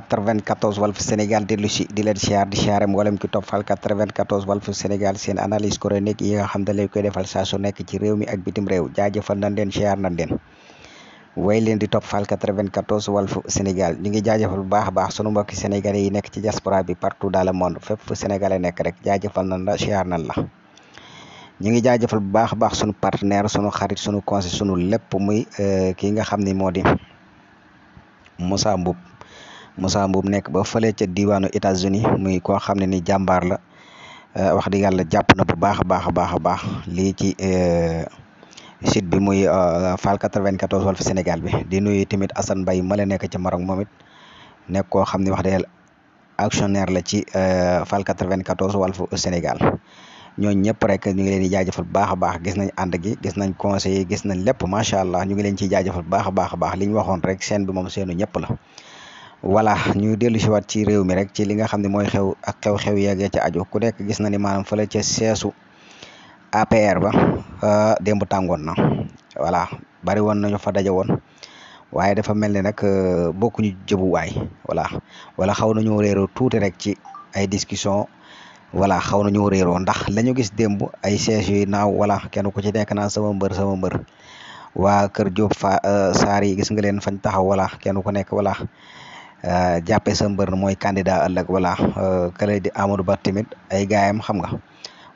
94 Walf Sénégal dellu si di leen siyaar di siyaare mboolem ki toppal 94 Walf Sénégal seen analyse chronique yi nga xam ne lañ koy defal ñu ngi jaajëfal bu baax a baax sunu mbokki sénégalais yi nekk ci diaspora bi partout dans le monde fépp fu sénégalais nekk rek ñu ngi jaajëfal bu baax a baax sunu partenaire sunu xarit sunu conseil sunu lépp muy euh, ki nga xam ne moo di Moussa Mboum nekk ba fële ca diwaanu États-Unis muy koo xam ne ni jàmbaar la euh, wax dëgg yàlla jàpp na bu baax a baax a baax a baax lii ci euh, site bi muy euh, Fall 94 Walf Sénégal bi di nuyu tamit Assane Mbaye ma la nekk ci Maroc moom it nekk koo xam ne wax dëgg yàlla actionnaire la ci Fall 94 Walf Sénégal ñooñu ñëpp rek ñu ngi leen di jaajëfal bu baax a baax gis nañ ànd gi gis nañ conseiller gis nañ lépp macha allah ñu ngi leen ci jaajëfal bu baax baax a baax li ñu waxoon rek seen bi moom seenu ñëpp la voilà ñuy dellu si ci réew mi rek ci li nga xam ne mooy xew ak xew-xew yeegee ci aju ku nekk gis na ni maanaam fële ca seesu APR ba euh, démb tàngoon na voilà bari woon nañu fa daje woon waaye dafa mel ni nag euh, bokkuñu jëbuwaay voilà wala xaw nañoo réeroo tuuti rek ci ay discussion voilà xaw nañoo réeroo ndax la gis démb ay sièges yu naaw voilà kenn ku ci nekk naa sama mbër sama mbër waa kër Diop fa euh, saar yi gis nga leen fañ taxaw voilà kenn ku nekk voilà Euh, jàppee sa mbër mooy candidat ëllëg voilà euh, kële di Amadou Ba tamit ay gaayam xam nga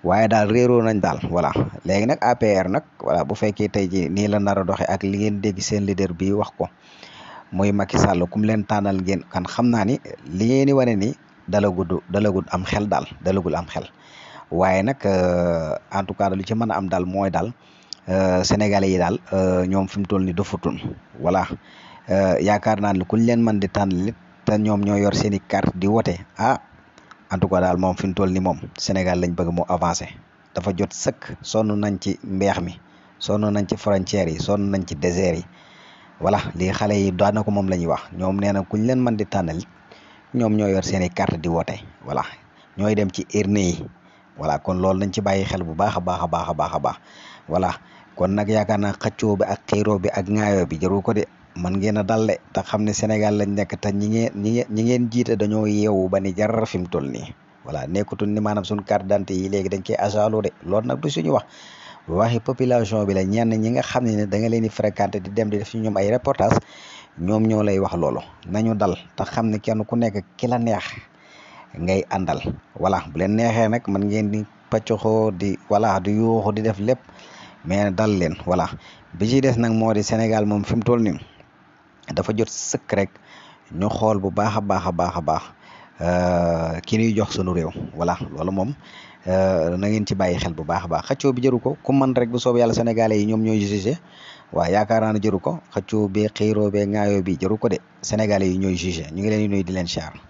waaye daal réeroo nañ daal voilà léegi nag APR nag voilà bu fekkee tey ji nii la nar a doxee ak li ngeen dégg seen leader bi wax ko muy Macky Sall kum leen tànnal ngeen kan xam naa ni li ngeen di wane ni dalagud dalagud am xel daal dalagul am xel waaye nag euh, en tout cas lu ci mën a am daal mooy daal sénégalais yi daal ñoom fi mu toll ni dofutun voilà Euh, yaakaar naa ne kuñ leen man di tànn te ñoom ñoo yor seen i carte di wote ah en tout cas daal moom fi mu toll ni moom Sénégal lañ bëgg mu avancé dafa jot sëkk sonn nañ ci mbeex mi sonn nañ ci frontières yi sonn nañ ci désert yi wala lii xale yi daana ko moom la ñuy wax ñoom nee na kuñ leen man di tànnal ñoom ñoo yor seen i carte di wote voilà ñooy dem ci urne yi voilà kon loolu nañ ci bàyyi xel bu baax a baax a baax a baax a baax voilà kon nag yaakaar naa xëccoo bi ak xiiroo bi ak ŋaayoo bi jaru ko de man ngeen a dalle te xam ne Sénégal lañ nekk te ñi ngeen ñi ngeen ñi ngeen jiite dañoo yeewu ba ni jar fi mu toll nii voilà nekkutul ni maanaam suñ carte d'identité yi léegi dañ koy asaloo de loolu nag du suñu wax waxi population bi la ñenn ñi nga xam ne ne da nga leen di fréquenté di dem di def ci ñoom ay reportage ñoom ñoo lay wax loolo nañu dal te xam ne kenn ku nekk ki la neex ngay àndal voilà bu leen neexee nag man ngeen di paccoxoo di voilà di yuuxu di def lépp mais dal leen voilà bi ci des nag moo di Sénégal moom fi mu toll nii dafa jot sëkk rek ñu xool bu baax a baax a baax a baax euh, ki ñuy jox sunu réew wala loolu moom euh, na ngeen ci bàyyi xel bu baax a baax xëccoo bi jëru ko ku man rek bu soob yàlla sénégalais yi ñoom ñooy jugé waaw yaakaar naa ne jëru ko xëccoo bee xiiroo bee ŋaayoo bi jëru ko de sénégalais yi ñooy jugé ñu ngi leen di di leen char